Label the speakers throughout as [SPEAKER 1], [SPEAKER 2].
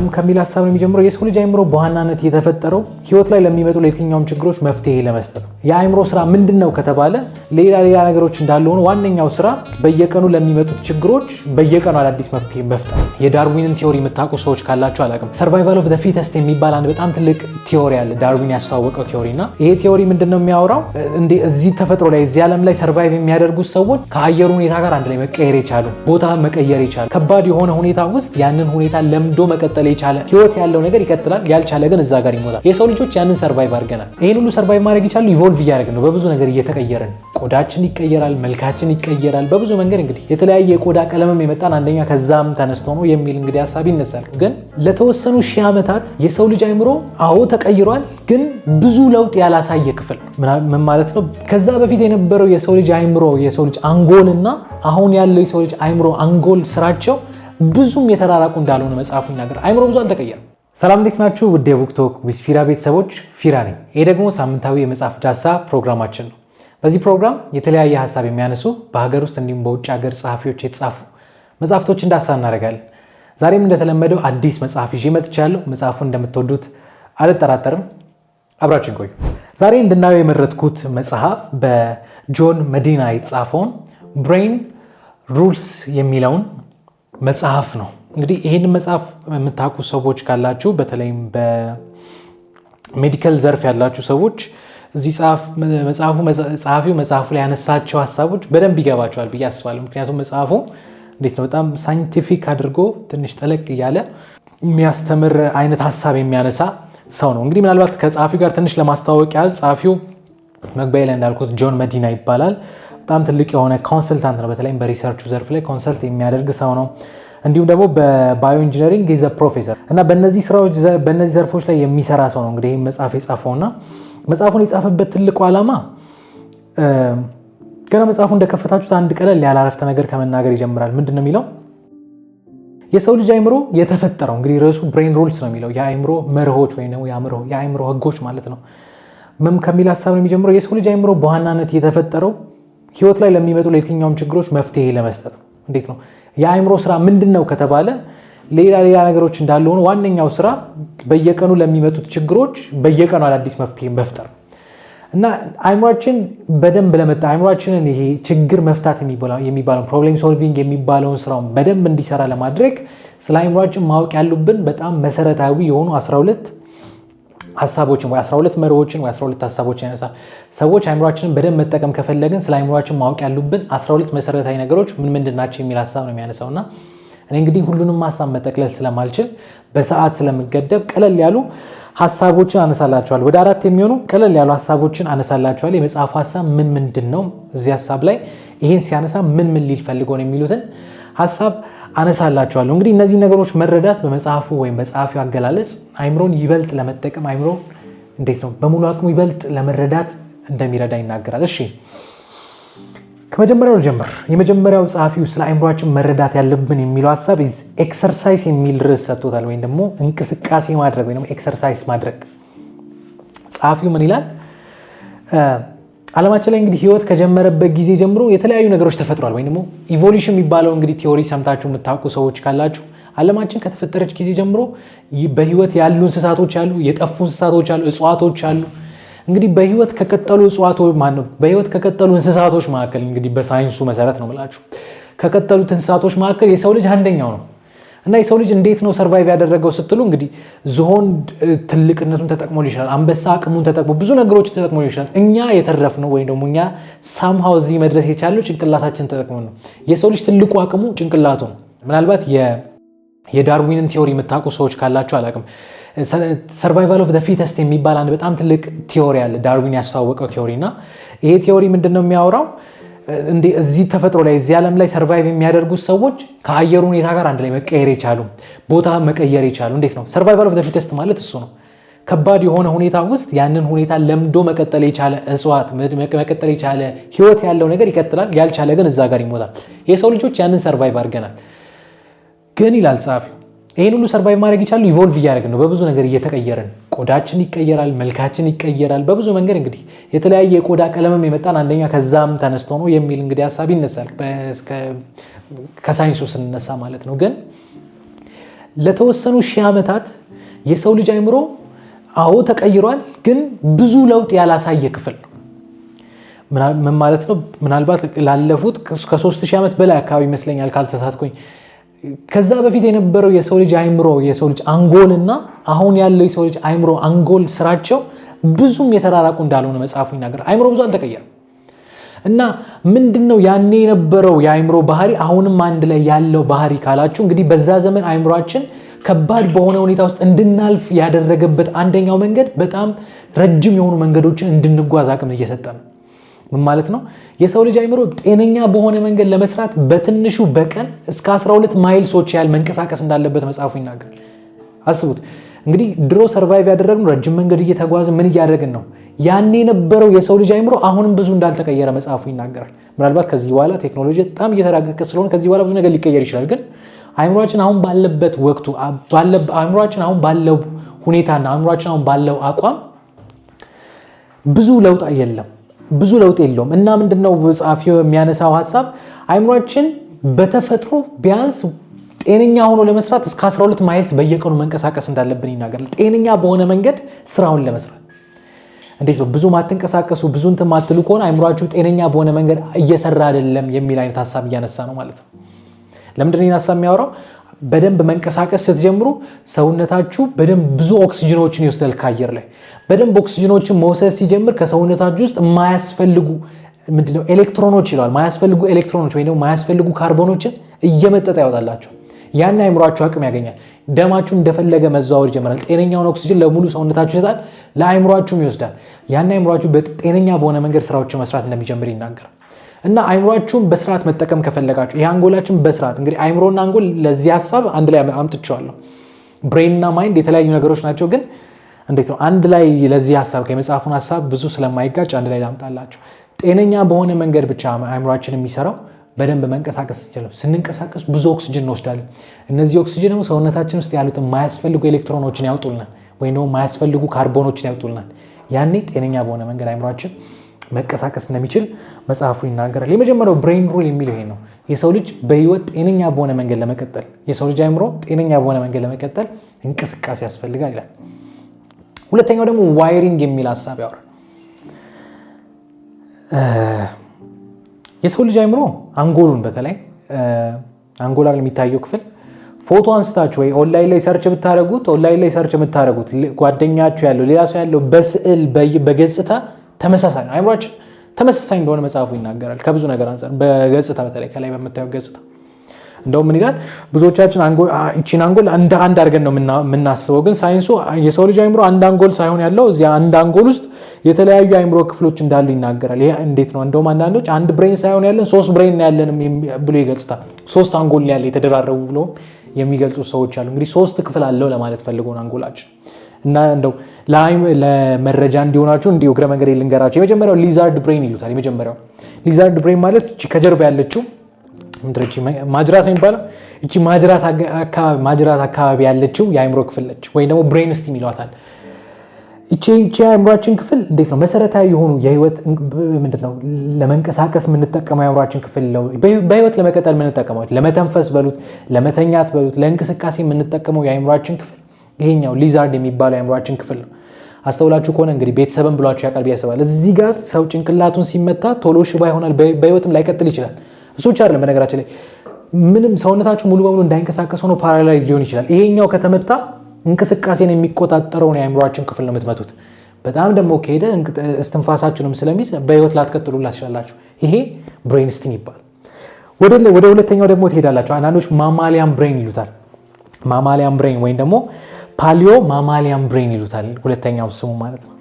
[SPEAKER 1] አይሆንም ከሚል ሀሳብ ነው የሚጀምረው። የሰው ልጅ አይምሮ በዋናነት የተፈጠረው ህይወት ላይ ለሚመጡ ለየትኛውም ችግሮች መፍትሄ ለመስጠት ነው። የአይምሮ ስራ ምንድን ነው ከተባለ ሌላ ሌላ ነገሮች እንዳለ ሆኖ ዋነኛው ስራ በየቀኑ ለሚመጡት ችግሮች በየቀኑ አዳዲስ መፍትሄ መፍጠር። የዳርዊንን ቲዮሪ የምታውቁ ሰዎች ካላችሁ አላውቅም፣ ሰርቫይቫል ኦፍ ፊተስት የሚባል አንድ በጣም ትልቅ ቲዮሪ አለ፣ ዳርዊን ያስተዋወቀው ቲዮሪ እና ይሄ ቲዮሪ ምንድን ነው የሚያወራው? እዚህ ተፈጥሮ ላይ እዚህ ዓለም ላይ ሰርቫይቭ የሚያደርጉት ሰዎች ከአየሩ ሁኔታ ጋር አንድ ላይ መቀየር የቻሉ ቦታ መቀየር የቻሉ ከባድ የሆነ ሁኔታ ውስጥ ያንን ሁኔታ ለምዶ መቀጠል የቻለ ህይወት ያለው ነገር ይቀጥላል፣ ያልቻለ ግን እዛ ጋር ይሞታል። የሰው ልጆች ያንን ሰርቫይቭ አድርገናል። ይህን ሁሉ ሰርቫይቭ ማድረግ ይቻሉ ኢቮልቭ እያደረግን ነው። በብዙ ነገር እየተቀየረን ቆዳችን ይቀየራል፣ መልካችን ይቀየራል። በብዙ መንገድ እንግዲህ የተለያየ የቆዳ ቀለምም የመጣን አንደኛ ከዛም ተነስቶ ነው የሚል እንግዲህ ሀሳብ ይነሳል። ግን ለተወሰኑ ሺህ ዓመታት የሰው ልጅ አይምሮ አዎ ተቀይሯል፣ ግን ብዙ ለውጥ ያላሳየ ክፍል ምን ማለት ነው? ከዛ በፊት የነበረው የሰው ልጅ አይምሮ የሰው ልጅ አንጎልና አሁን ያለው የሰው ልጅ አይምሮ አንጎል ስራቸው ብዙም የተራራቁ እንዳልሆነ መጽሐፉ ይናገራል። አይምሮ ብዙ አልተቀየረም። ሰላም እንዴት ናችሁ? ውድ የቡክቶክ ዊዝ ፊራ ቤተሰቦች፣ ፊራ ነኝ። ይህ ደግሞ ሳምንታዊ የመጽሐፍ ዳሰሳ ፕሮግራማችን ነው። በዚህ ፕሮግራም የተለያየ ሀሳብ የሚያነሱ በሀገር ውስጥ እንዲሁም በውጭ ሀገር ጸሐፊዎች የተጻፉ መጽሐፍቶችን ዳሰሳ እናደርጋለን። ዛሬም እንደተለመደው አዲስ መጽሐፍ ይዤ መጥቻለሁ። መጽሐፉን እንደምትወዱት አልጠራጠርም። አብራችን ቆዩ። ዛሬ እንድናየው የመረጥኩት መጽሐፍ በጆን መዲና የተጻፈውን ብሬን ሩልስ የሚለውን መጽሐፍ ነው። እንግዲህ ይህንን መጽሐፍ የምታውቁ ሰዎች ካላችሁ በተለይም በሜዲካል ዘርፍ ያላችሁ ሰዎች እዚህ ጸሐፊው መጽሐፉ ላይ ያነሳቸው ሀሳቦች በደንብ ይገባቸዋል ብዬ አስባለሁ። ምክንያቱም መጽሐፉ እንዴት ነው በጣም ሳይንቲፊክ አድርጎ ትንሽ ጠለቅ እያለ የሚያስተምር አይነት ሀሳብ የሚያነሳ ሰው ነው። እንግዲህ ምናልባት ከጸሐፊው ጋር ትንሽ ለማስተዋወቅ ያህል ጸሐፊው መግባይ ላይ እንዳልኩት ጆን መዲና ይባላል። በጣም ትልቅ የሆነ ኮንሰልታንት ነው። በተለይም በሪሰርቹ ዘርፍ ላይ ኮንሰልት የሚያደርግ ሰው ነው። እንዲሁም ደግሞ በባዮ ኢንጂነሪንግ ዘ ፕሮፌሰር እና በእነዚህ ስራዎች በእነዚህ ዘርፎች ላይ የሚሰራ ሰው ነው። እንግዲህ መጽሐፍ የጻፈው እና መጽሐፉን የጻፈበት ትልቁ ዓላማ ገና መጽሐፉ እንደከፈታችሁት አንድ ቀለል ያለ አረፍተ ነገር ከመናገር ይጀምራል። ምንድን ነው የሚለው? የሰው ልጅ አይምሮ የተፈጠረው እንግዲህ ርዕሱ ብሬን ሩልስ ነው የሚለው የአይምሮ መርሆች ወይም ደግሞ የአይምሮ ህጎች ማለት ነው ከሚል ሀሳብ ነው የሚጀምረው። የሰው ልጅ አይምሮ በዋናነት የተፈጠረው ህይወት ላይ ለሚመጡ ለየትኛውም ችግሮች መፍትሄ ለመስጠት እንዴት ነው የአእምሮ ስራ ምንድን ነው ከተባለ ሌላ ሌላ ነገሮች እንዳለ ሆኖ ዋነኛው ስራ በየቀኑ ለሚመጡት ችግሮች በየቀኑ አዳዲስ መፍትሄ መፍጠር እና አይምሮችን በደንብ ለመጣ አእምሯችንን ይሄ ችግር መፍታት የሚባለው ፕሮብሌም ሶልቪንግ የሚባለውን ስራውን በደንብ እንዲሰራ ለማድረግ ስለ አይምሮችን ማወቅ ያሉብን በጣም መሰረታዊ የሆኑ 12 ሀሳቦችን ወይ 12 መሪዎችን ወይ 12 ሀሳቦችን ያነሳል። ሰዎች አይምሯችንን በደንብ መጠቀም ከፈለግን ስለ አይምሯችን ማወቅ ያሉብን 12 መሰረታዊ ነገሮች ምን ምንድን ናቸው የሚል ሀሳብ ነው የሚያነሳው እና እኔ እንግዲህ ሁሉንም ሀሳብ መጠቅለል ስለማልችል በሰዓት ስለምገደብ ቀለል ያሉ ሀሳቦችን አነሳላቸዋል። ወደ አራት የሚሆኑ ቀለል ያሉ ሀሳቦችን አነሳላቸዋል። የመጽሐፉ ሀሳብ ምን ምንድን ነው፣ እዚህ ሀሳብ ላይ ይህን ሲያነሳ ምን ምን ሊል ፈልጎ ነው የሚሉትን ሀሳብ አነሳላቸዋለሁ። እንግዲህ እነዚህ ነገሮች መረዳት በመጽሐፉ ወይም በጸሐፊው አገላለጽ አይምሮን ይበልጥ ለመጠቀም አይምሮ እንዴት ነው በሙሉ አቅሙ ይበልጥ ለመረዳት እንደሚረዳ ይናገራል። እሺ ከመጀመሪያው ጀምር። የመጀመሪያው ጸሐፊው ስለ አይምሯችን መረዳት ያለብን የሚለው ሀሳብ ኤክሰርሳይዝ የሚል ርዕስ ሰጥቶታል፣ ወይም ደግሞ እንቅስቃሴ ማድረግ ወይም ኤክሰርሳይዝ ማድረግ። ጸሐፊው ምን ይላል? አለማችን ላይ እንግዲህ ህይወት ከጀመረበት ጊዜ ጀምሮ የተለያዩ ነገሮች ተፈጥሯል። ወይም ደግሞ ኢቮሉሽን የሚባለው እንግዲህ ቲዎሪ ሰምታችሁ የምታውቁ ሰዎች ካላችሁ አለማችን ከተፈጠረች ጊዜ ጀምሮ በህይወት ያሉ እንስሳቶች አሉ፣ የጠፉ እንስሳቶች አሉ፣ እጽዋቶች አሉ። እንግዲህ በህይወት ከቀጠሉ እጽዋቶች በህይወት ከቀጠሉ እንስሳቶች መካከል እንግዲህ በሳይንሱ መሰረት ነው ብላችሁ ከቀጠሉት እንስሳቶች መካከል የሰው ልጅ አንደኛው ነው። እና የሰው ልጅ እንዴት ነው ሰርቫይቭ ያደረገው ስትሉ እንግዲህ ዝሆን ትልቅነቱን ተጠቅሞ ይችላል። አንበሳ አቅሙን ተጠቅሞ ብዙ ነገሮችን ተጠቅሞ ይችላል። እኛ የተረፍ ነው ወይም ደግሞ እኛ ሳምሃው እዚህ መድረስ የቻለው ጭንቅላታችን ተጠቅሞ ነው። የሰው ልጅ ትልቁ አቅሙ ጭንቅላቱ ነው። ምናልባት የዳርዊንን ቲዮሪ የምታውቁ ሰዎች ካላችሁ አላቅም ሰርቫይቫል ኦፍ ዘ ፊተስት የሚባል አንድ በጣም ትልቅ ቲዮሪ አለ። ዳርዊን ያስተዋወቀው ቲዮሪ እና ይሄ ቲዮሪ ምንድን ነው የሚያወራው እዚህ ተፈጥሮ ላይ እዚህ ዓለም ላይ ሰርቫይቭ የሚያደርጉት ሰዎች ከአየሩ ሁኔታ ጋር አንድ ላይ መቀየር የቻሉ ቦታ መቀየር የቻሉ እንዴት ነው? ሰርቫይቫል ኦፍ ፊተስት ማለት እሱ ነው። ከባድ የሆነ ሁኔታ ውስጥ ያንን ሁኔታ ለምዶ መቀጠል የቻለ እጽዋት፣ መቀጠል የቻለ ህይወት ያለው ነገር ይቀጥላል። ያልቻለ ግን እዛ ጋር ይሞታል። የሰው ልጆች ያንን ሰርቫይቭ አድርገናል። ግን ይላል ጸሐፊው ይህን ሁሉ ሰርቫይቭ ማድረግ ይቻሉ ኢቮልቭ እያደረግን ነው፣ በብዙ ነገር እየተቀየርን ቆዳችን ይቀየራል፣ መልካችን ይቀየራል። በብዙ መንገድ እንግዲህ የተለያየ የቆዳ ቀለምም የመጣን አንደኛ ከዛም ተነስቶ ነው የሚል እንግዲህ ሀሳብ ይነሳል ከሳይንሱ ስንነሳ ማለት ነው። ግን ለተወሰኑ ሺህ ዓመታት የሰው ልጅ አይምሮ አዎ ተቀይሯል፣ ግን ብዙ ለውጥ ያላሳየ ክፍል ምን ማለት ነው? ምናልባት ላለፉት ከ3000 ዓመት በላይ አካባቢ ይመስለኛል ካልተሳትኩኝ ከዛ በፊት የነበረው የሰው ልጅ አይምሮ የሰው ልጅ አንጎል እና አሁን ያለው የሰው ልጅ አይምሮ አንጎል ስራቸው ብዙም የተራራቁ እንዳልሆነ መጽሐፉ ይናገራል። አይምሮ ብዙ አልተቀየረም እና ምንድን ነው ያኔ የነበረው የአይምሮ ባህሪ አሁንም አንድ ላይ ያለው ባህሪ ካላችሁ እንግዲህ በዛ ዘመን አይምሯችን ከባድ በሆነ ሁኔታ ውስጥ እንድናልፍ ያደረገበት አንደኛው መንገድ በጣም ረጅም የሆኑ መንገዶችን እንድንጓዝ አቅም እየሰጠ ነው። ምን ማለት ነው? የሰው ልጅ አይምሮ ጤነኛ በሆነ መንገድ ለመስራት በትንሹ በቀን እስከ 12 ማይልሶች ያህል መንቀሳቀስ እንዳለበት መጽሐፉ ይናገራል። አስቡት እንግዲህ ድሮ ሰርቫይቭ ያደረግነው ረጅም መንገድ እየተጓዘ ምን እያደረግን ነው? ያኔ የነበረው የሰው ልጅ አይምሮ አሁንም ብዙ እንዳልተቀየረ መጽሐፉ ይናገራል። ምናልባት ከዚህ በኋላ ቴክኖሎጂ በጣም እየተራቀቀ ስለሆነ ከዚህ በኋላ ብዙ ነገር ሊቀየር ይችላል። ግን አይምሮችን አሁን ባለበት ወቅቱ አይምሮችን አሁን ባለው ሁኔታና አይምሮችን አሁን ባለው አቋም ብዙ ለውጥ የለም። ብዙ ለውጥ የለውም እና ምንድነው ጸሐፊው የሚያነሳው ሀሳብ አይምሯችን በተፈጥሮ ቢያንስ ጤነኛ ሆኖ ለመስራት እስከ 12 ማይልስ በየቀኑ መንቀሳቀስ እንዳለብን ይናገራል። ጤነኛ በሆነ መንገድ ስራውን ለመስራት እንዴት ነው ብዙ ማትንቀሳቀሱ ብዙ እንትን ማትሉ ከሆነ አይምሯችሁ ጤነኛ በሆነ መንገድ እየሰራ አይደለም የሚል አይነት ሀሳብ እያነሳ ነው ማለት ነው። ለምንድን ሀሳብ የሚያወራው? በደንብ መንቀሳቀስ ስትጀምሩ ሰውነታችሁ በደንብ ብዙ ኦክስጅኖችን ይወስዳል ከአየር ላይ። በደንብ ኦክስጅኖችን መውሰድ ሲጀምር ከሰውነታችሁ ውስጥ የማያስፈልጉ ምንድነው ኤሌክትሮኖች ይለዋል፣ ማያስፈልጉ ኤሌክትሮኖች ወይ ደግሞ ማያስፈልጉ ካርቦኖችን እየመጠጠ ያወጣላቸው። ያን አይምሯችሁ አቅም ያገኛል። ደማችሁ እንደፈለገ መዘዋወር ይጀምራል። ጤነኛውን ኦክስጅን ለሙሉ ሰውነታችሁ ይሰጣል፣ ለአይምሯችሁም ይወስዳል። ያን አይምሯችሁ በጤነኛ በሆነ መንገድ ስራዎችን መስራት እንደሚጀምር ይናገራል። እና አይምሮችሁን በስርዓት መጠቀም ከፈለጋችሁ ይህ አንጎላችን በስርዓት እንግዲህ አይምሮና አንጎል ለዚህ ሀሳብ አንድ ላይ አምጥቸዋለሁ ብሬንና ማይንድ የተለያዩ ነገሮች ናቸው፣ ግን እንዴት ነው አንድ ላይ ለዚህ ሀሳብ ከመጽሐፉን ሀሳብ ብዙ ስለማይጋጭ አንድ ላይ ላምጣላችሁ። ጤነኛ በሆነ መንገድ ብቻ አይምሯችን የሚሰራው በደንብ መንቀሳቀስ ይችላል። ስንንቀሳቀስ ብዙ ኦክስጅን እንወስዳለን። እነዚህ ኦክስጅን ደግሞ ሰውነታችን ውስጥ ያሉት የማያስፈልጉ ኤሌክትሮኖችን ያውጡልናል፣ ወይም ደግሞ የማያስፈልጉ ካርቦኖችን ያውጡልናል። ያኔ ጤነኛ በሆነ መንገድ አይምሯችን መቀሳቀስ እንደሚችል መጽሐፉ ይናገራል። የመጀመሪያው ብሬን ሩል የሚለው ይሄ ነው። የሰው ልጅ በህይወት ጤነኛ በሆነ መንገድ ለመቀጠል የሰው ልጅ አይምሮ ጤነኛ በሆነ መንገድ ለመቀጠል እንቅስቃሴ ያስፈልጋል ይላል። ሁለተኛው ደግሞ ዋይሪንግ የሚል ሀሳብ ያወራል። የሰው ልጅ አይምሮ አንጎሉን በተለይ አንጎላ የሚታየው ክፍል ፎቶ አንስታችሁ ወይ ኦንላይን ላይ ሰርች የምታደረጉት ኦንላይን ላይ ሰርች የምታደረጉት ጓደኛችሁ ያለው ሌላ ሰው ያለው በስዕል በገጽታ ተመሳሳይ ነው። አይምሯችን ተመሳሳይ እንደሆነ መጽሐፉ ይናገራል። ከብዙ ነገር አንጻር በገጽታ በተለይ ከላይ በምታየው ገጽታ እንደውም ምን ይላል? ብዙዎቻችን እቺን አንጎል እንደ አንድ አድርገን ነው የምናስበው። ግን ሳይንሱ የሰው ልጅ አይምሮ አንድ አንጎል ሳይሆን ያለው እዚ አንድ አንጎል ውስጥ የተለያዩ አይምሮ ክፍሎች እንዳሉ ይናገራል። ይሄ እንዴት ነው? እንደውም አንዳንዶች አንድ ብሬን ሳይሆን ያለን ሶስት ብሬን ነው ያለን ብሎ ይገልጽታል ሶስት አንጎል ያለ የተደራረቡ ብሎ የሚገልጹ ሰዎች አሉ። እንግዲህ ሶስት ክፍል አለው ለማለት ፈልገውን አንጎላችን እና እንደው ለመረጃ እንዲሆናቸው እንዲሁ እግረ መንገድ ልንገራቸው። የመጀመሪያው ሊዛርድ ብሬን ይሉታል። የመጀመሪያው ሊዛርድ ብሬን ማለት ከጀርባ ያለችው ምድረች ማጅራት የሚባለው እቺ ማጅራት አካባቢ ያለችው የአይምሮ ክፍል ነች፣ ወይም ደግሞ ብሬን ስቲም ይሏታል። እቺ የአእምሯችን ክፍል እንዴት ነው መሰረታዊ የሆኑ የህይወት ምንድን ነው ለመንቀሳቀስ የምንጠቀመው የአይምሯችን ክፍል ነው። በህይወት ለመቀጠል የምንጠቀመው ለመተንፈስ በሉት፣ ለመተኛት በሉት፣ ለእንቅስቃሴ የምንጠቀመው የአይምሯችን ክፍል ይሄኛው ሊዛርድ የሚባለው የአእምሯችን ክፍል ነው። አስተውላችሁ ከሆነ እንግዲህ ቤተሰብን ብሏችሁ ያቀርብ ያስባል። እዚህ ጋር ሰው ጭንቅላቱን ሲመታ ቶሎ ሽባ ይሆናል፣ በህይወትም ላይቀጥል ይችላል። እሱ ብቻ አይደለም፣ በነገራችን ላይ ምንም ሰውነታችሁ ሙሉ በሙሉ እንዳይንቀሳቀስ ሆኖ ፓራላይዝ ሊሆን ይችላል። ይሄኛው ከተመታ እንቅስቃሴን የሚቆጣጠረውን የአእምሯችን ክፍል ነው የምትመቱት። በጣም ደግሞ ከሄደ እስትንፋሳችሁንም ስለሚስ በህይወት ላትቀጥሉ ላስችላላችሁ። ይሄ ብሬን ይባል ወደ ሁለተኛው ደግሞ ትሄዳላችሁ። አንዳንዶች ማማሊያን ብሬን ይሉታል። ማማሊያን ብሬን ወይም ደግሞ ፓሊዮ ማማሊያን ብሬን ይሉታል፣ ሁለተኛው ስሙ ማለት ነው።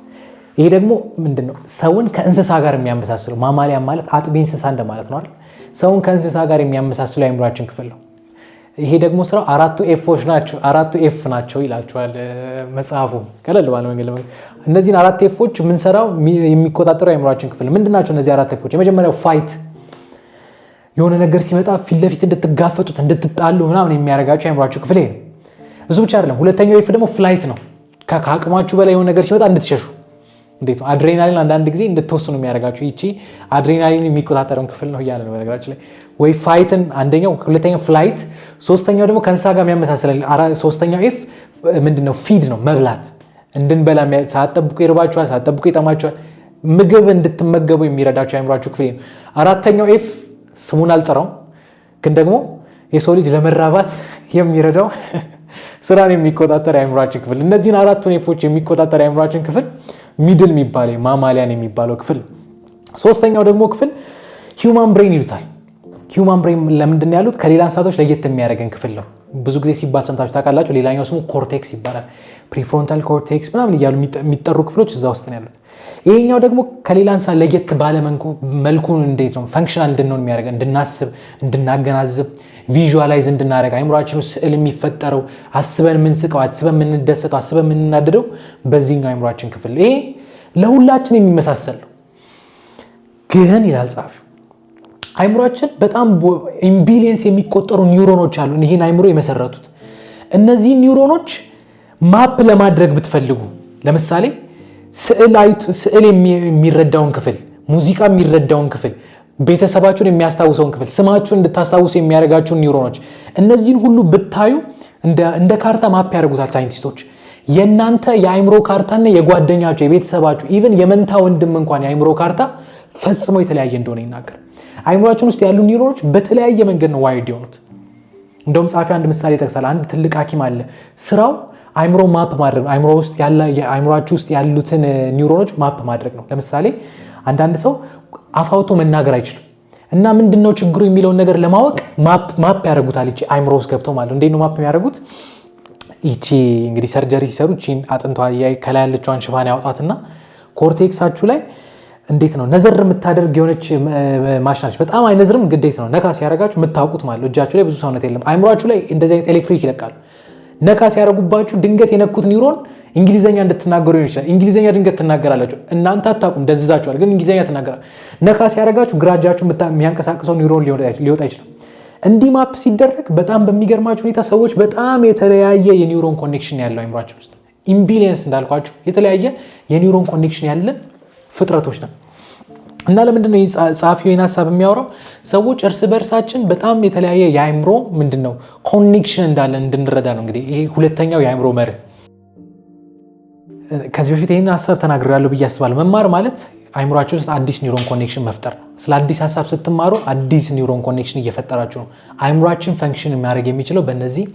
[SPEAKER 1] ይሄ ደግሞ ምንድነው ሰውን ከእንስሳ ጋር የሚያመሳስለው ማማሊያን ማለት አጥቢ እንስሳ እንደማለት ነው አይደል? ሰውን ከእንስሳ ጋር የሚያመሳስሉ አይምሯችን ክፍል ነው። ይሄ ደግሞ ስራው አራቱ ኤፎች ናቸው አራቱ ኤፍ ናቸው ይላቸዋል መጽሐፉ። ቀለል ባለ መንገድ እነዚህን አራት ኤፎች የምንሰራው የሚቆጣጠሩ አይምሯችን ክፍል ምንድን ናቸው? እነዚህ አራት ኤፎች የመጀመሪያው ፋይት የሆነ ነገር ሲመጣ ፊት ለፊት እንድትጋፈጡት እንድትጣሉ ምናምን የሚያደርጋቸው የአእምሯችሁ ክፍል ነው። እሱ ብቻ አይደለም። ሁለተኛው ዌቭ ደግሞ ፍላይት ነው። ከአቅማችሁ በላይ የሆነ ነገር ሲመጣ እንድትሸሹ እንዴት ነው አድሬናሊን አንዳንድ ጊዜ እንድትወስኑ የሚያደርጋችሁ ይቺ አድሬናሊን የሚቆጣጠረውን ክፍል ነው እያለ ነው። በነገራችን ላይ ወይ ፋይትን አንደኛው፣ ሁለተኛው ፍላይት፣ ሶስተኛው ደግሞ ከእንስሳ ጋር የሚያመሳስለን ሶስተኛው ኤፍ ምንድነው ነው? ፊድ ነው መብላት። እንድንበላ ሳትጠብቁ ይርባችኋል፣ ሳትጠብቁ ይጠማችኋል። ምግብ እንድትመገቡ የሚረዳቸው የአእምሯችሁ ክፍል ነው። አራተኛው ኤፍ ስሙን አልጠራውም፣ ግን ደግሞ የሰው ልጅ ለመራባት የሚረዳው ስራን የሚቆጣጠር የአእምሯችን ክፍል እነዚህን አራት ኔፎች የሚቆጣጠር የአእምሯችን ክፍል ሚድል የሚባል ማማሊያን የሚባለው ክፍል። ሶስተኛው ደግሞ ክፍል ሂውማን ብሬን ይሉታል። ሂውማን ብሬን ለምንድን ያሉት ከሌላ እንስሳቶች ለየት የሚያደረገን ክፍል ነው። ብዙ ጊዜ ሲባል ሰምታችሁ ታውቃላችሁ። ሌላኛው ስሙ ኮርቴክስ ይባላል። ፕሪፍሮንታል ኮርቴክስ ምናምን እያሉ የሚጠሩ ክፍሎች እዛ ውስጥ ነው ያሉት። ይሄኛው ደግሞ ከሌላ እንስሳ ለየት ባለ መልኩ እንዴት ነው ፈንክሽናል እንድንሆን የሚያደርገ እንድናስብ፣ እንድናገናዝብ፣ ቪዥዋላይዝ እንድናደርግ አይምሯችን ስዕል የሚፈጠረው አስበን የምንስቀው፣ አስበን የምንደሰተው፣ አስበን የምንናደደው በዚህኛው አይምሯችን ክፍል ይሄ ለሁላችን የሚመሳሰል ነው። ግን ይላል ጻፊ አይምሯችን በጣም ኢምቢሊየንስ የሚቆጠሩ ኒውሮኖች አሉ፣ ይህን አይምሮ የመሰረቱት እነዚህ ኒውሮኖች ማፕ ለማድረግ ብትፈልጉ ለምሳሌ ስዕል የሚረዳውን ክፍል፣ ሙዚቃ የሚረዳውን ክፍል፣ ቤተሰባችሁን የሚያስታውሰውን ክፍል፣ ስማችሁን እንድታስታውሱ የሚያደርጋችሁን ኒውሮኖች፣ እነዚህን ሁሉ ብታዩ እንደ ካርታ ማፕ ያደርጉታል ሳይንቲስቶች። የእናንተ የአእምሮ ካርታና የጓደኛቸው የቤተሰባችሁ ኢቨን የመንታ ወንድም እንኳን የአይምሮ ካርታ ፈጽሞ የተለያየ እንደሆነ ይናገር። አይምሮችን ውስጥ ያሉ ኒውሮኖች በተለያየ መንገድ ነው ዋይድ የሆኑት። እንደውም ጻፊ አንድ ምሳሌ ይጠቅሳል። አንድ ትልቅ ሀኪም አለ ስራው አይምሮ ማፕ ማድረግ ነው። አይምሮ ውስጥ ያለ አይምሮአችሁ ውስጥ ያሉትን ኒውሮኖች ማፕ ማድረግ ነው። ለምሳሌ አንዳንድ ሰው አፋውቶ መናገር አይችልም እና ምንድነው ችግሩ የሚለውን ነገር ለማወቅ ማፕ ያደርጉታል። እቺ አይምሮ ውስጥ ገብተው ማለት ነው። እንዴት ነው ማፕ የሚያደርጉት? ይቺ እንግዲህ ሰርጀሪ ሲሰሩ እቺ አጥንቷ ከላይ ያለችዋን ሽፋን ያውጣትና ኮርቴክሳችሁ ላይ እንዴት ነው ነዘር የምታደርግ የሆነች ማሽናች በጣም አይነዝርም፣ ግዴት ነው ነካ ሲያደርጋችሁ የምታውቁት ማለት እጃችሁ ላይ ብዙ ሰውነት የለም። አይምሯችሁ ላይ እንደዚህ አይነት ኤሌክትሪክ ይለቃሉ። ነካ ሲያደርጉባችሁ ድንገት የነኩት ኒውሮን እንግሊዘኛ እንድትናገሩ ይችላል። እንግሊዘኛ ድንገት ትናገራላችሁ። እናንተ አታውቁም፣ ደዝዛችኋል፣ ግን እንግሊዘኛ ትናገራል። ነካ ሲያደርጋችሁ ግራ እጃችሁ የሚያንቀሳቅሰው ኒውሮን ሊወጣ ይችላል። እንዲህ ማፕ ሲደረግ በጣም በሚገርማችሁ ሁኔታ ሰዎች በጣም የተለያየ የኒውሮን ኮኔክሽን ያለው አይምሯቸው ውስጥ ኢምቢሊየንስ እንዳልኳችሁ የተለያየ የኒውሮን ኮኔክሽን ያለን ፍጥረቶች ነው። እና ለምንድን ነው ጸሐፊ ይህን ሀሳብ የሚያወራው? ሰዎች እርስ በእርሳችን በጣም የተለያየ የአይምሮ ምንድን ነው ኮኔክሽን እንዳለ እንድንረዳ ነው። እንግዲህ ይሄ ሁለተኛው የአይምሮ መርህ። ከዚህ በፊት ይህን ሀሳብ ተናግሬያለሁ ብዬ አስባለሁ። መማር ማለት አይምሯችሁ ውስጥ አዲስ ኒውሮን ኮኔክሽን መፍጠር ነው። ስለ አዲስ ሀሳብ ስትማሩ አዲስ ኒውሮን ኮኔክሽን እየፈጠራችሁ ነው። አይምሯችን ፈንክሽን የሚያደርግ የሚችለው በእነዚህ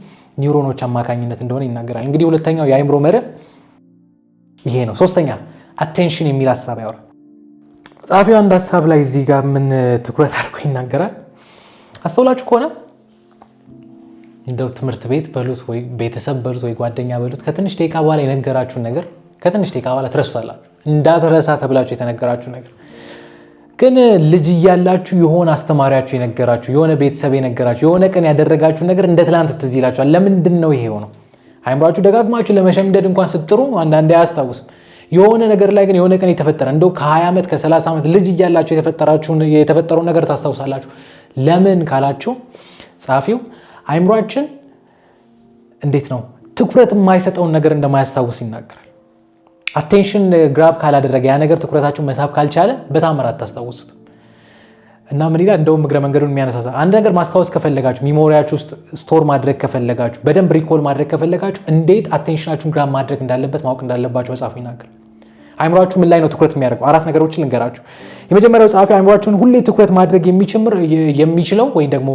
[SPEAKER 1] ኒውሮኖች አማካኝነት እንደሆነ ይናገራል። እንግዲህ ሁለተኛው የአይምሮ መርህ ይሄ ነው። ሶስተኛ አቴንሽን የሚል ሀሳብ ያወራል። ጸሐፊው አንድ ሀሳብ ላይ እዚህ ጋር ምን ትኩረት አድርጎ ይናገራል? አስተውላችሁ ከሆነ እንደው ትምህርት ቤት በሉት ወይ ቤተሰብ በሉት ወይ ጓደኛ በሉት ከትንሽ ደቂቃ በኋላ የነገራችሁን ነገር ከትንሽ ደቂቃ በኋላ ትረሱታላችሁ። እንዳትረሳ ተብላችሁ የተነገራችሁ ነገር ግን ልጅ እያላችሁ የሆነ አስተማሪያችሁ የነገራችሁ፣ የሆነ ቤተሰብ የነገራችሁ፣ የሆነ ቀን ያደረጋችሁ ነገር እንደ ትላንት ትዝ ይላችኋል። ለምንድን ነው ይሄ ሆነው? አይምሯችሁ ደጋግማችሁ ለመሸምደድ እንኳን ስትጥሩ አንዳንዴ አያስታውስም። የሆነ ነገር ላይ ግን የሆነ ቀን የተፈጠረ እንደ ከ20 ዓመት ከ30 ዓመት ልጅ እያላችሁ የተፈጠረውን ነገር ታስታውሳላችሁ። ለምን ካላችሁ ጸሐፊው አይምሯችን እንዴት ነው ትኩረት የማይሰጠውን ነገር እንደማያስታውስ ይናገራል። አቴንሽን ግራብ ካላደረገ ያ ነገር ትኩረታችሁን መሳብ ካልቻለ በታምር አታስታውሱት። እና ምን ይላል እንደውም እግረ መንገዱን የሚያነሳሳ አንድ ነገር ማስታወስ ከፈለጋችሁ ሚሞሪያችሁ ውስጥ ስቶር ማድረግ ከፈለጋችሁ በደንብ ሪኮል ማድረግ ከፈለጋችሁ እንዴት አቴንሽናችሁን ግራብ ማድረግ እንዳለበት ማወቅ እንዳለባችሁ መጽሐፉ ይናገር። አይምሯችሁ ምን ላይ ነው ትኩረት የሚያደርገው? አራት ነገሮችን ልንገራችሁ። የመጀመሪያው ጸሐፊ አይምሯችሁን ሁሌ ትኩረት ማድረግ የሚችለው ወይም ደግሞ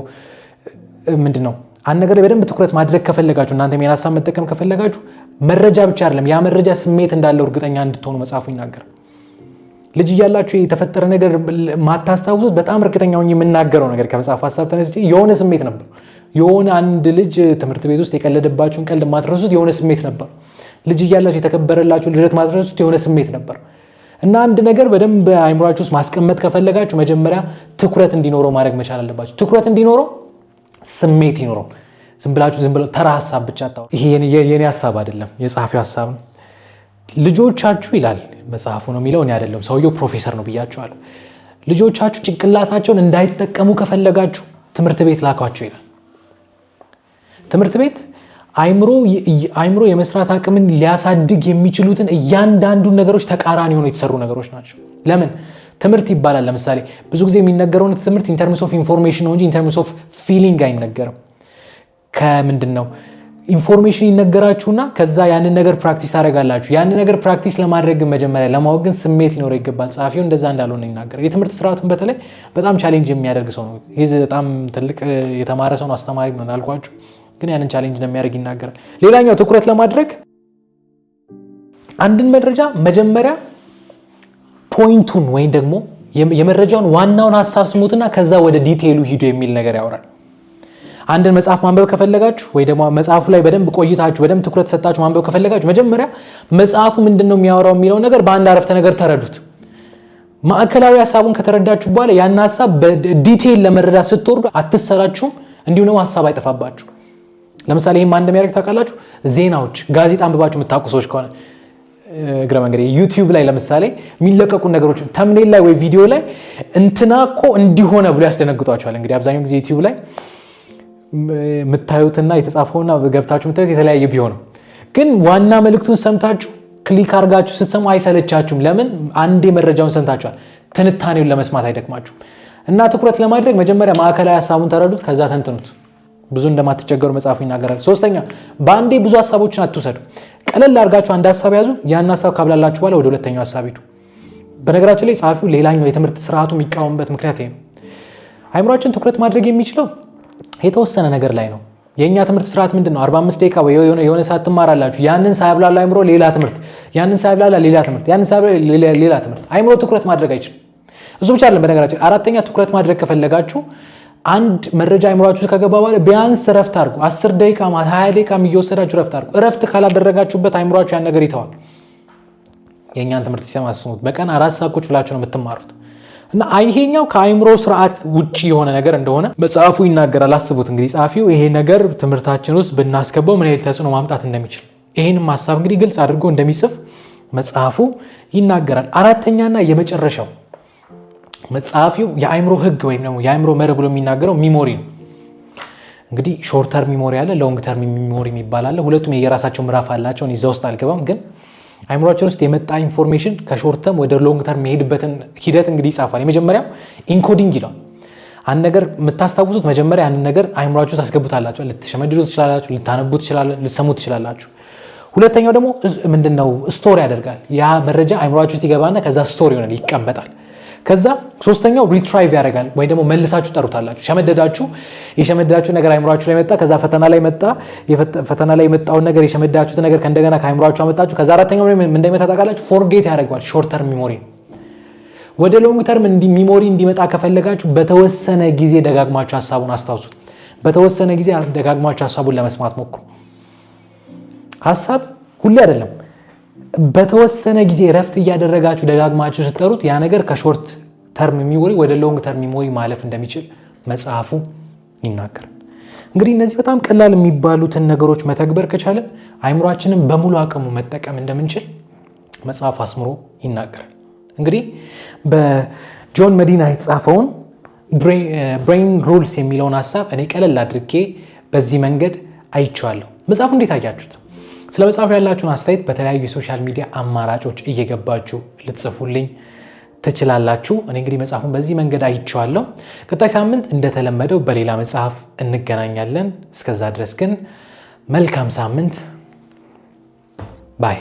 [SPEAKER 1] ምንድን ነው አንድ ነገር ላይ በደንብ ትኩረት ማድረግ ከፈለጋችሁ እናንተ የኔን ሀሳብ መጠቀም ከፈለጋችሁ መረጃ ብቻ አይደለም፣ ያ መረጃ ስሜት እንዳለው እርግጠኛ እንድትሆኑ መጽሐፉ ይናገር። ልጅ እያላችሁ የተፈጠረ ነገር ማታስታውሱት፣ በጣም እርግጠኛ ሆኜ የምናገረው ነገር ከመጽሐፉ ሀሳብ ተነስቼ የሆነ ስሜት ነበር። የሆነ አንድ ልጅ ትምህርት ቤት ውስጥ የቀለደባችሁን ቀልድ የማትረሱት የሆነ ስሜት ነበር። ልጅ እያላችሁ የተከበረላችሁ ልደት ማድረስ የሆነ ስሜት ነበር እና አንድ ነገር በደንብ አይምሯችሁ ውስጥ ማስቀመጥ ከፈለጋችሁ መጀመሪያ ትኩረት እንዲኖረው ማድረግ መቻል አለባችሁ። ትኩረት እንዲኖረው ስሜት ይኖረው። ዝም ብላችሁ ዝም ብለው ተራ ሀሳብ ብቻ ታው ይሄ የኔ ሀሳብ አይደለም፣ የጸሐፊው ሀሳብ ነው። ልጆቻችሁ ይላል መጽሐፉ ነው የሚለው እኔ አይደለም ሰውየው ፕሮፌሰር ነው ብያችኋለሁ። ልጆቻችሁ ጭንቅላታቸውን እንዳይጠቀሙ ከፈለጋችሁ ትምህርት ቤት ላኳቸው ይላል። ትምህርት ቤት አይምሮ የመስራት አቅምን ሊያሳድግ የሚችሉትን እያንዳንዱን ነገሮች ተቃራኒ ሆኖ የተሰሩ ነገሮች ናቸው። ለምን ትምህርት ይባላል? ለምሳሌ ብዙ ጊዜ የሚነገረውን ትምህርት ኢንተርምስ ኦፍ ኢንፎርሜሽን ነው እንጂ ኢንተርምስ ኦፍ ፊሊንግ አይነገርም። ከምንድን ነው ኢንፎርሜሽን ይነገራችሁና ከዛ ያንን ነገር ፕራክቲስ ታደርጋላችሁ። ያንን ነገር ፕራክቲስ ለማድረግ መጀመሪያ ለማወቅ ግን ስሜት ሊኖረ ይገባል። ጸሐፊው እንደዛ እንዳልሆነ ይናገር የትምህርት ስርዓቱን በተለይ በጣም ቻሌንጅ የሚያደርግ ሰው ነው። ይህ በጣም ትልቅ የተማረ ሰው ነው። አስተማሪ ነው እንዳልኳችሁ ግን ያንን ቻሌንጅ እንደሚያደርግ ይናገራል። ሌላኛው ትኩረት ለማድረግ አንድን መረጃ መጀመሪያ ፖይንቱን ወይም ደግሞ የመረጃውን ዋናውን ሀሳብ ስሙትና ከዛ ወደ ዲቴይሉ ሂዱ የሚል ነገር ያወራል። አንድን መጽሐፍ ማንበብ ከፈለጋችሁ ወይ ደግሞ መጽሐፉ ላይ በደንብ ቆይታችሁ በደንብ ትኩረት ሰጣችሁ ማንበብ ከፈለጋችሁ መጀመሪያ መጽሐፉ ምንድን ነው የሚያወራው የሚለውን ነገር በአንድ አረፍተ ነገር ተረዱት። ማዕከላዊ ሀሳቡን ከተረዳችሁ በኋላ ያን ሀሳብ በዲቴይል ለመረዳት ስትወርዱ አትሰራችሁም፣ እንዲሁም ደግሞ ሀሳብ አይጠፋባችሁ ለምሳሌ ይህም አንድ የሚያደርግ ታውቃላችሁ፣ ዜናዎች ጋዜጣ አንብባችሁ የምታውቁ ሰዎች ከሆነ እግረ መንገድ ዩቲዩብ ላይ ለምሳሌ የሚለቀቁ ነገሮች ተምኔል ላይ ወይ ቪዲዮ ላይ እንትና እንዲሆነ ብሎ ያስደነግጧቸዋል። እንግዲህ አብዛኛው ጊዜ ዩቲዩብ ላይ የምታዩትና የተጻፈውና ገብታችሁ የምታዩት የተለያየ ቢሆንም ግን ዋና መልእክቱን ሰምታችሁ ክሊክ አድርጋችሁ ስትሰሙ አይሰለቻችሁም። ለምን? አንዴ መረጃውን ሰምታችኋል። ትንታኔውን ለመስማት አይደክማችሁም። እና ትኩረት ለማድረግ መጀመሪያ ማዕከላዊ ሀሳቡን ተረዱት፣ ከዛ ተንትኑት። ብዙ እንደማትቸገሩ መጽሐፉ ይናገራል። ሶስተኛ በአንዴ ብዙ ሀሳቦችን አትውሰዱ። ቀለል ላርጋችሁ አንድ ሀሳብ ያዙ። ያን ሀሳብ ካብላላችሁ በኋላ ወደ ሁለተኛው ሀሳብ ሂዱ። በነገራችን ላይ ጸሐፊው ሌላኛው የትምህርት ስርዓቱ የሚቃወምበት ምክንያት ይሄ ነው። አይምሯችን ትኩረት ማድረግ የሚችለው የተወሰነ ነገር ላይ ነው። የእኛ ትምህርት ስርዓት ምንድን ነው? 45 ደቂቃ ወይ የሆነ ሰዓት ትማራላችሁ። ያንን ሳያብላላ አይምሮ ሌላ ትምህርት፣ ያንን ሳያብላላ ሌላ ትምህርት፣ ያንን ሳያብላላ ሌላ ትምህርት። አይምሮ ትኩረት ማድረግ አይችልም። እሱ ብቻ አይደለም። በነገራችን አራተኛ ትኩረት ማድረግ ከፈለጋችሁ አንድ መረጃ አይምሯችሁ ከገባ በኋላ ቢያንስ እረፍት አድርጉ። አስር ደቂቃ ማለት ሀያ ደቂቃ እየወሰዳችሁ እረፍት አድርጉ። እረፍት ካላደረጋችሁበት አይምሯችሁ ያን ነገር ይተዋል። የእኛን ትምህርት ሲሰማ ስሙት። በቀን አራት ሰዓት ቁጭ ብላችሁ ነው የምትማሩት እና ይሄኛው ከአይምሮ ስርዓት ውጭ የሆነ ነገር እንደሆነ መጽሐፉ ይናገራል። አስቡት እንግዲህ ጸሐፊው ይሄ ነገር ትምህርታችን ውስጥ ብናስገባው ምን ያህል ተጽዕኖ ማምጣት እንደሚችል ይህንም ሀሳብ እንግዲህ ግልጽ አድርጎ እንደሚጽፍ መጽሐፉ ይናገራል። አራተኛና የመጨረሻው መጽሐፊው የአይምሮ ህግ ወይም ደግሞ የአይምሮ መረ ብሎ የሚናገረው ሚሞሪ ነው። እንግዲህ ሾርተር ሚሞሪ አለ፣ ሎንግ ተርም ሚሞሪ ይባላለ ሁለቱም የራሳቸው ምራፍ አላቸውን እዛ ውስጥ አልገባም። ግን አእምሯችን ውስጥ የመጣ ኢንፎርሜሽን ከሾርተም ወደ ሎንግ ተርም ሂደት እንግዲህ ይጻፋል። የመጀመሪያው ኢንኮዲንግ ይለዋል። አንድ ነገር የምታስታውሱት መጀመሪያ አንድ ነገር ውስጥ ታስገቡታላችሁ። ልትሸመድዱ ትችላላችሁ፣ ልታነቡ ትችላላችሁ፣ ልትሰሙ ትችላላችሁ። ሁለተኛው ደግሞ ምንድነው ስቶሪ ያደርጋል። ያ መረጃ አይምሯቸው ውስጥ ይገባና ከዛ ስቶሪ ይሆናል፣ ይቀመጣል። ከዛ ሶስተኛው ሪትራይቭ ያደርጋል ወይ ደግሞ መልሳችሁ ጠሩታላችሁ። ሸመደዳችሁ የሸመደዳችሁ ነገር አይምሯችሁ ላይ መጣ። ከዛ ፈተና ላይ መጣ። ፈተና ላይ የመጣውን ነገር የሸመደዳችሁት ነገር ከእንደገና ከአይምሯችሁ አመጣችሁ። ከዛ አራተኛው እንደሚመታ ታውቃላችሁ። ፎርጌት ያደርገዋል ሾርት ተርም ሚሞሪ። ወደ ሎንግ ተርም ሚሞሪ እንዲመጣ ከፈለጋችሁ በተወሰነ ጊዜ ደጋግማችሁ ሀሳቡን አስታውሱት። በተወሰነ ጊዜ ደጋግማችሁ ሀሳቡን ለመስማት ሞክሩ። ሀሳብ ሁሌ አይደለም በተወሰነ ጊዜ ረፍት እያደረጋችሁ ደጋግማችሁ ስትጠሩት ያ ነገር ከሾርት ተርም የሚወሪ ወደ ሎንግ ተርም የሚወሪ ማለፍ እንደሚችል መጽሐፉ ይናገራል። እንግዲህ እነዚህ በጣም ቀላል የሚባሉትን ነገሮች መተግበር ከቻለን አይምሯችንን በሙሉ አቅሙ መጠቀም እንደምንችል መጽሐፍ አስምሮ ይናገራል። እንግዲህ በጆን መዲና የተጻፈውን ብሬን ሩልስ የሚለውን ሀሳብ እኔ ቀለል አድርጌ በዚህ መንገድ አይቸዋለሁ። መጽሐፉ እንዴት አያችሁት? ስለ መጽሐፉ ያላችሁን አስተያየት በተለያዩ የሶሻል ሚዲያ አማራጮች እየገባችሁ ልትጽፉልኝ ትችላላችሁ። እኔ እንግዲህ መጽሐፉን በዚህ መንገድ አይቸዋለሁ። ቀጣይ ሳምንት እንደተለመደው በሌላ መጽሐፍ እንገናኛለን። እስከዛ ድረስ ግን መልካም ሳምንት ባይ